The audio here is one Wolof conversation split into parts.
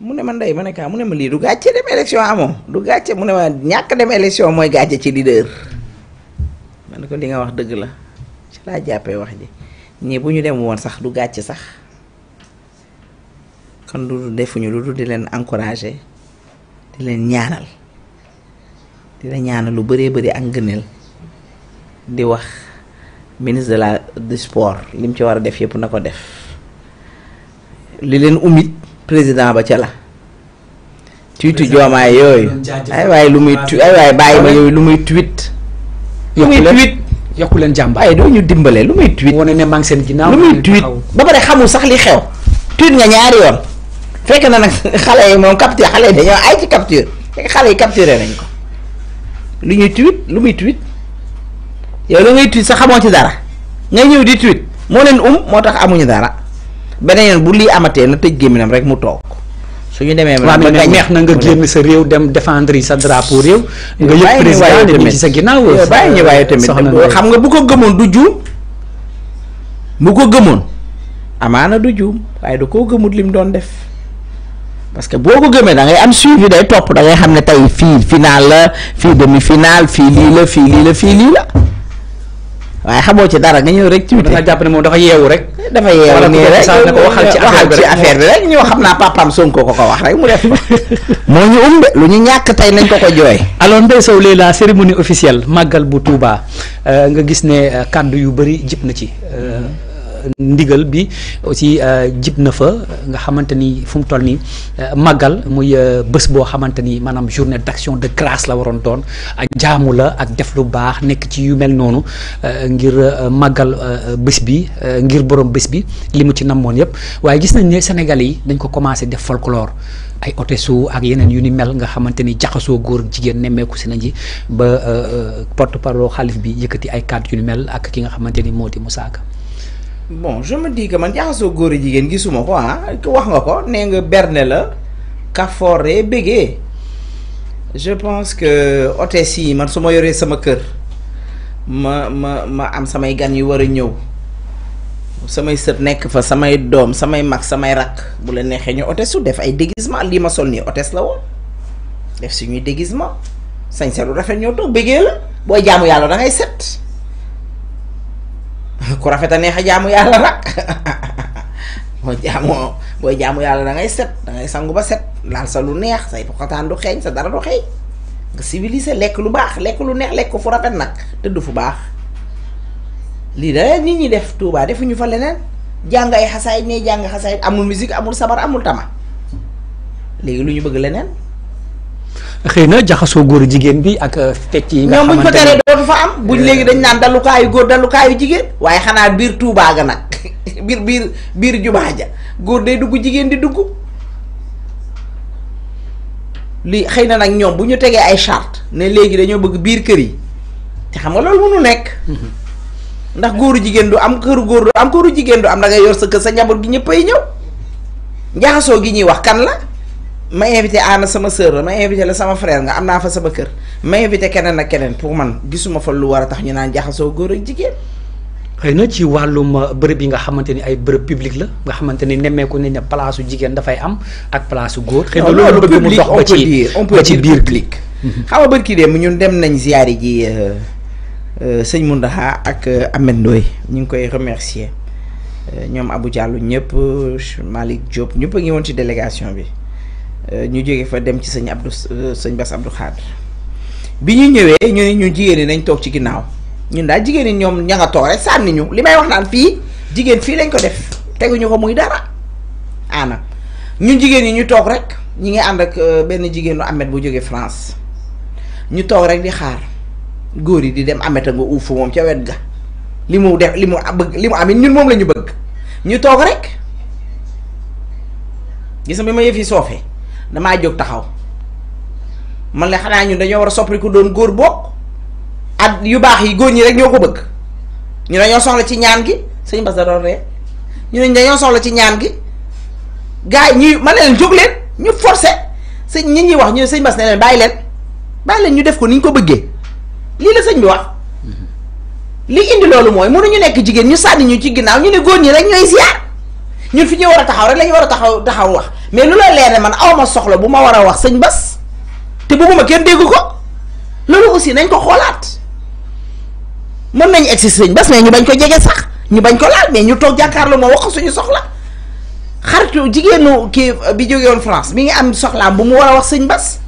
mune mandai day mané ka mune ma li du gatché dem élection amo du gatché mune ma ñak dem élection moy e gatché ci leader man ne ko li nga wax deug la ci la jappé wax ji ñi buñu dem won sax du gatché sax kan du defuñu du di len encourager di len ñaanal di la ñaanal lu bëré bëré ak ngëneel di wax ministre de la de sport lim ci war def yépp na def li len umit président ba ca la tuitu joomaay yooyu ay waaye lu muy tu ay waaye bàyyi ma lu muy tuit lu muy tuit yokku leen jàmba waaye doo ñu dimbalee lu muy tuit wane ne maa ngi seen ginnaaw lu muy tuit ba pare xamul sax li xew tuit nga ñaari yoon fekk na nag xale yi moom capture xale yi dañoo ay ci capture xale yi capturé nañ ko lu ñuy tuit lu muy tuit yow lu ngay tuit sax xamoo ci dara ngay ñëw di tuit moo leen um moo tax amuñu dara benen bu li amate na tej geminam rek mu tok suñu ñu ma nga neex na nga génn sa réew dem défendre sa drapeau réew eh, nga yëg président bi ci sa ginaaw eh, bàyyi ñi waye tamit xam nga bu ko gëmon du juum mu ko gëmon amana du juum waaye du ko gëmut lim doon def parce que boko gëmé da ngay am suivi day top da ngay xamné tay fi final fi demi final fi li la fi li la fi li la waaye xamoo ci dara nga ñëw rek. tuuti da nga jàpp ne moom dafa yeewu rek. dafa yeewu nii rek wala ko waxal ci affaire bi rek waxal ci affaire bi rek ñëw xam naa papaam Sonko ko ko wax rek mu def moo ñu umbe lu ñu ñàkk tey nañ ko ko jooy. alors Ndeye Sow léegi la cérémonie officielle màggal bu Touba euh, nga gis ne euh, kàddu yu bëri jib na ci. Euh, ndigal bi aussi euh, jib na fa nga xamanteni ni fu mu toll euh, euh, ni magal muy bés bo xamanteni manam journée d'action de grâce la waron doon ak jaamu la ak def lu baax nek ci yu mel nonu ngir magal busbi bi ngir borom bés bi limu ci namoon yépp waye gis nañ ni Sénégal yi dañ ko commencé def folklore ay otesu ak yenen yu ni mel nga xamanteni jaxaso jaxasoo jigen nemeku ci nañ ci ba porte parole khalif bi yëkëti ay cadre yu ni mel ak ki nga xamanteni modi bon je me dis que man jaxasoo góor jigen gi gisuma ko ha ah, wax nga ko ne nga berne la foré bégee je pense que hôtesse yi man suma ma sama kër ma ma ma am samay gan yu wara a ñëw samay sët nekk fa samay dom samay mak samay rak bu le nexé ñu hôtesse su def ay déguisement li ma sol ni hôtesse la won def suñuy déguisement sañ seetlu rafet ñoo tok bégee la boy jaamu yalla da ngay set ku rafet a neex a jaamu yàlla nag moo jaamoo booy jaamu yàlla da ngay set da ngay sangu ba set laal sa lu neex say xotaan du xeeñ sa dara du xeeñ nga civilisé lekk lu baax lekk lu neex lekk fu rafet nag tëdd fu baax lii da nit ñi def Tuubaa defu ñu fa leneen jàng ay xasaayit ne jàng xasaayit amul musique amul sabar amul tama léegi lu ñu bëgg leneen xëy na jaxasoo góor jigéen bi ak fecc euh, yi. nga xamante ne buñ fa teree dootu fa am buñ euh, léegi dañ naan dalukaayu góor dalukaayu jigéen waaye xanaa biir Touba ga nag biir biir biir jumaa ja góor day dugg jigéen di dugg li xëy na nag ñoom bu ñu tegee ay charte ne léegi dañoo bëgg biir kër yi te xam nga loolu mënu nekk. Mm-hmm. ndax góoru jigéen du am këru góor du am këru jigéen du am da yor sa kër sa njaboot gi ay ñëw njaxasoo gi ñuy wax kan la. ma invité ana sama sœur ma invité la sama frère nga am fa sama kër ma invité kenen ak kenen pour man gisuma fa lu wara tax ñu naan jaxaso goor ak jigéen xeyna ci walum bërëb bi nga xamanteni ay bërëb public la nga xamanteni placeu da fay am ak placeu goor xeyna lu loolu bëgg mu dox ba ci ba ci biir public xam nga bërki dem ñun dem nañ ziaré ji uh, uh, sëñ Moundaha ak uh, amène doy ñu ngi koy remercier ñom Abou Diallo ñep malik Diop ñëpp ngi won ci délégation bi Euh, ñu jóge fa dem ci sañ Abdou euh, sëñ Bass Abdou Khadre bi ñu ñëwee ñu ne ñu jigéen ñi nañ toog ci ginnaaw ñun daal jigéen yi ñoom ña nga toog rek sànni ñu li may wax naan fii jigéen fii lañ ko def teguñu ko muy dara ana ñu jigéen ñi ñu toog rek ñu ngi ànd ak euh, benn jigéenu Ahmed bu jógee France ñu toog rek di xaar góor yi di dem Ahmed a nga uuf moom ca wet ga li mu def li mu bëgg li mu amit ñun moom lañu ñu bëgg ñu toog rek gis nga bi ma yëf yi soofee damaa jóg taxaw man la xanaa ñun dañoo war a soppiku doon góor bokk at yu baax yi góor ñi rek ñoo ko bëgg ñu dañoo soxla ci ñaan gi sëñ Bas da doon ree ñu ne dañoo soxla ci ñaan gi gaa yi ñuy man leen jóg leen ñu forcé sëñ ñi ñuy wax ñu sëñ Bas ne leen bàyyi leen bàyyi leen ñu def ko ni ñu ko bëggee lii la sëñ bi wax mm-hmm. li indi loolu mooy mënuñu nekk jigéen ñu sànni ñu ci ginnaaw ñu ne góor ñi rek ñooy ziar. ñun fi ñu wara taxaw rek lañu wara taxaw taxaw wax mais lu la leer ne man awma soxla bu ma wara wax señ bass bas bu buma kenn dégg ko lolu aussi nañ ko xolaat mën nañ exister señ bas mais ñu bañ ko jégé sax ñu bañ ko laal mais ñu tok jakarlo mo wax suñu soxla xartu jigéenu ki euh, bi jógewoon France mi ngi am soxla bu mu wara wax señ bas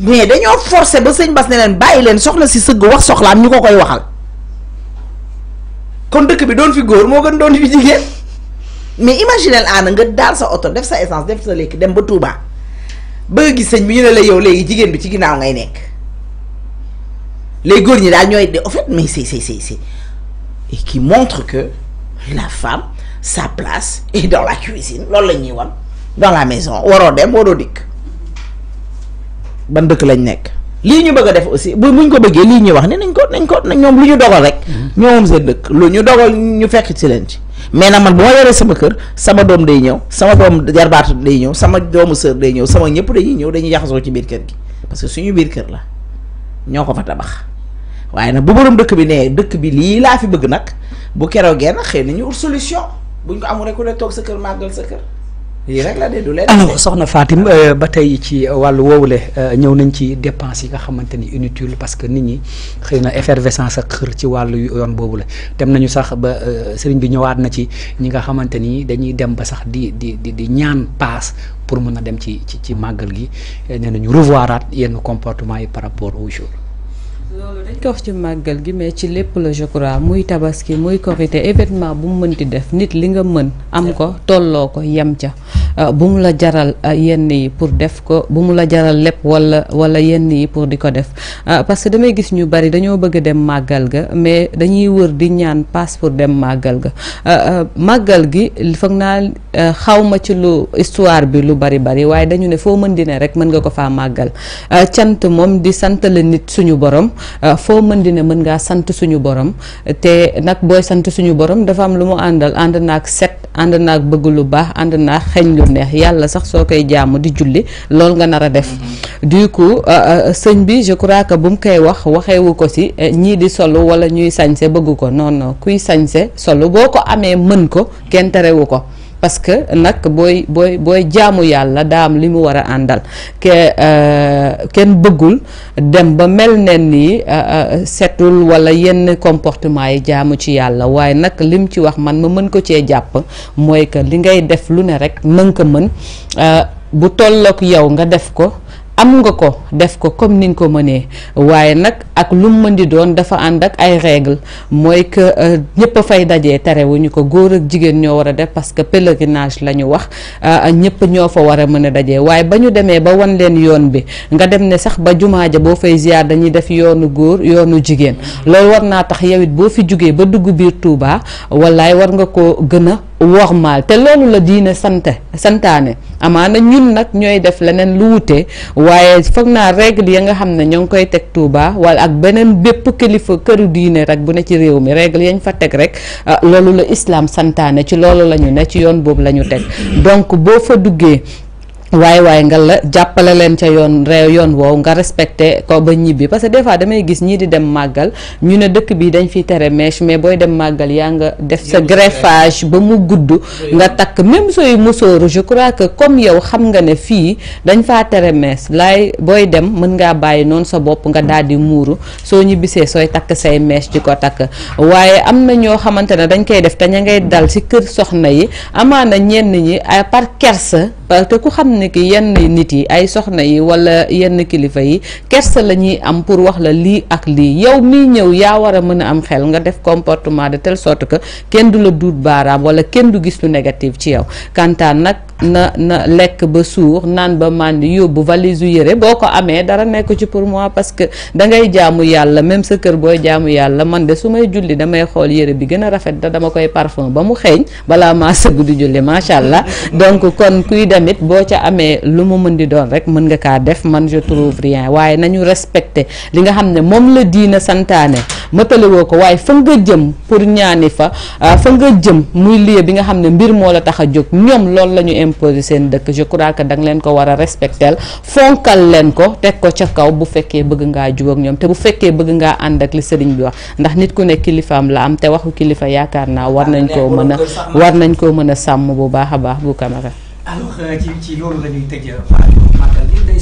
mais dañoo forcer ba sëñ bas ne leen bàyyi leen soxna si sëgg wax soxlaam ñu ko koy waxal kon dëkk bi doon fi góor moo gën doon fi jigéen mais imaginel aana nga dal sa auto def sa essence def sa lek dem ba Touba bëgg gis sëñ bi ñu la yow légui jigen bi ci ginaaw ngay nekk les góor ñi daal ñooy de en fait mais c'est c'est c'est et qui montre que la femme sa place est dans la cuisine lool la ñi wan dans la maison waro dem waro dik ban deuk lañ nekk. li ñu bëgg def aussi bu buñ ko bëggee li ñuy wax né nañ ko nañ ko ñom lu ñu dogal rek. Mm-hmm. ñoom seen deuk lu ñu dogal ñu fekk ci leen ci. mais nag man bu ma yoree sama kër sama doom day ñëw sama doom jarbaatu day ñëw sama doomu sër day ñëw sama ñëpp dañuy ñëw dañuy jaxasoo ci biir kër gi parce que suñu biir kër la ñoo ko fa tabax waaye nag bu borom dëkk bi nee dëkk bi lii laa fi bëgg nag bu keroog genn xëy na ñu ut solution buñ ko amul rek ku toog sa kër màggal sa kër. lii rek la de soxna Fatim euh, ba tey ci wàllu woowule euh, ñëw nañ ci dépense yi nga xamante ni inutile parce que nit ñi xëy na effervescence ak xër ci wàllu yoon boobu la dem nañu sax ba euh, sëriñ bi ñëwaat na ci ñi nga xamante ni dañuy dem ba sax di di di di ñaan paas pour mën a dem ci ci ci màggal gi nee nañu revoiraat yenn comportement yi par rapport au jour. koor ci màggal gi mais ci lépp la je crois muy tabaski muy korite événement bu mu mën di def nit li nga mën am ko tolloo ko yem ca euh, bu mu la jaral euh, yenn yi pour def ko bu mu la jaral lépp wala wala yenn yi pour di ko def euh, parce que damay gis ñu bari dañoo bëgg dem màggal ga mais dañuy wër di ñaan passe pour dem màggal ga màggal gi foog naa xawma ci lu histoire bi lu bari bari waaye dañu ne foo mën di ne rek mën nga ko faa màggal cant moom di sant nit suñu borom Euh, foo mën di ne mën ngaa sant suñu borom te nag booy sant suñu borom dafa am lu mu àndal ànd naag set ànd naag bëgg lu baax ànd naag xeeñ lu neex yàlla sax soo koy jaamu di julli loolu nga nar a def mm-hmm. du coup euh, euh, sëñ bi je crois que bu mu koy wax waxewu ko si ñii di solo wala ñuy sañse bëgg ko noonu non kuy sañse solo boo ko amee mën ko kenn terewu ko parce que nag booy booy booy jaamu yàlla daam li mu war a àndal ke euh, kenn bëggul dem ba mel ne ni euh, euh, setul wala yenn comportement yi jaamu ci yàlla waaye nag lim ci wax man ma mën ko cee jàpp mooy que li ngay def lu ne rek nanga ko mën bu tollook yow nga def ko am nga ko def ko comme ni nga ko mënee waaye nag ak lu mu mën di doon dafa ànd ak ay règle mooy que euh, ñëpp a fay dajee terewuñu ko góor ak jigéen ñoo war a def parce que pèlerinage la ñu wax euh, ñëpp ñoo fa war a mën a dajee waaye ba ñu demee ba wan leen yoon bi nga dem ne sax ba jumaa ja boo fay ziar dañuy def yoonu góor yoonu jigéen loolu war naa tax yow it boo fi jugee ba dugg biir Touba wallaay war nga ko gën a wormaal te loolu la diine sante santaane amaana ñun nag ñooy def leneen lu wute waaye foog naa règle ya nga xam ne ñoo ngi koy teg Touba wala ak beneen bépp kilifa këru diine rek bu ne ci réew mi règle yañ fa teg rek ah, loolu la islaam santaane ci loolu la ñu ne ci yoon boobu la ñu teg donc boo fa duggee waaye waaye nga la jàppale leen ca yoon réew yoon woow nga respecté ko ba ñibbi parce que des fois damay gis ñii di dem màggal ñu ne dëkk bii dañ fi tere mèche mais booy dem màggal yaa nga def sa greffage ba mu gudd nga takk même sooy musóoru je crois que comme yow xam nga ne fii dañ faa tere mèche laay booy dem mën ngaa bàyyi noonu sa bopp nga daal di muuru soo ñibbisee sooy takk say mèche di ko takk waaye am na ñoo xamante ne dañ koy def te ña ngay dal si kër soxna yi amaana ñenn ñi à part kersa parce euh, que ku xam ne ki yenn nit yi ay soxna yi wala yenn kilifa yi kersa la ñuy am pour wax la lii ak lii yow miy ñëw yaa war a mën a am xel nga def comportement de telle sorte que kenn du la duut baaraam wala kenn du gis lu négatif ci yow kantaan nag na na lekk ba suur naan ba màndi yóbbu valisu yére boo ko amee dara nekk ci pour moi parce que da ngay jaamu yàlla même sa kër booy jaamu yàlla man de su may julli damay xool yére bi gën a rafet da dama koy parfum ba mu xeeñ balaa maa sëgg di julli macha allah donc kon kuy demit boo ca amee lu mu mën di doon rek mën nga kaa def man je trouve rien waaye nañu respecté li nga xam ne moom la diina santaane mëtale woo ko waaye fa nga jëm pour ñaani fa ah, fa nga jëm muy lieu bi nga xam ne mbir moo la tax a jóg ñoom loolu la ñu imposer seen dëkk je crois que leen ko war a respectel fonkal leen ko teg ko ca kaw bu fekkee bëgg ngaa jub ñoom te bu fekkee bëgg ngaa ànd ak li sëriñ bi wax ndax nit ku ne kilifaam la am te waxu kilifa yaakaar naa war nañ koo mën a war nañ koo mën a sàmm bu baax a baax bu kamara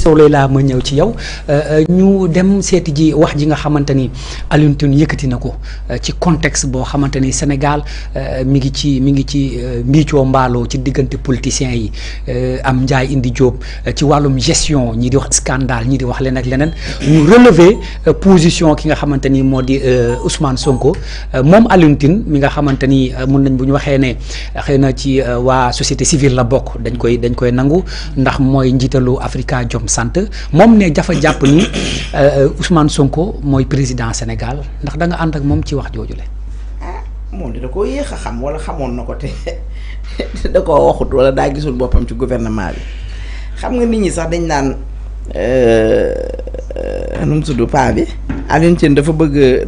Sow laa ma ñëw ci yow euh, euh, ñu dem seeti ji wax ji nga xamante ni Alioune Tine yëkkati na ko euh, ci contexte boo xamante ni Sénégal mi ngi ci mi ngi ci mbiicoo mbaaloo ci diggante politiciens yi am Ndiaye indi Diop ci wàllum gestion ñi di wax scandale ñi di wax leneen ak leneen ñu relever position ki nga xamante ni moo di Ousmane Sonko moom Alioune Tine mi nga xamante ni mun nañ bu ñu waxee ne xëy na ci waa société civile la bokk dañ koy dañ koy nangu ndax mooy njiitalu Afrikajom sant moom ne jafa jàpp ni euh, Ousmane Sonko mooy président Sénégal ndax danga ànd ak moom ci wax jooju la ah moom di da koo yéex a xam wala xamoon na ko te da koo waxut wala daa gisul boppam ci gouvernement bi xam nga nit ñi sax dañ naan euh, euh, nu mu paa bi Alioune Tine dafa bëgg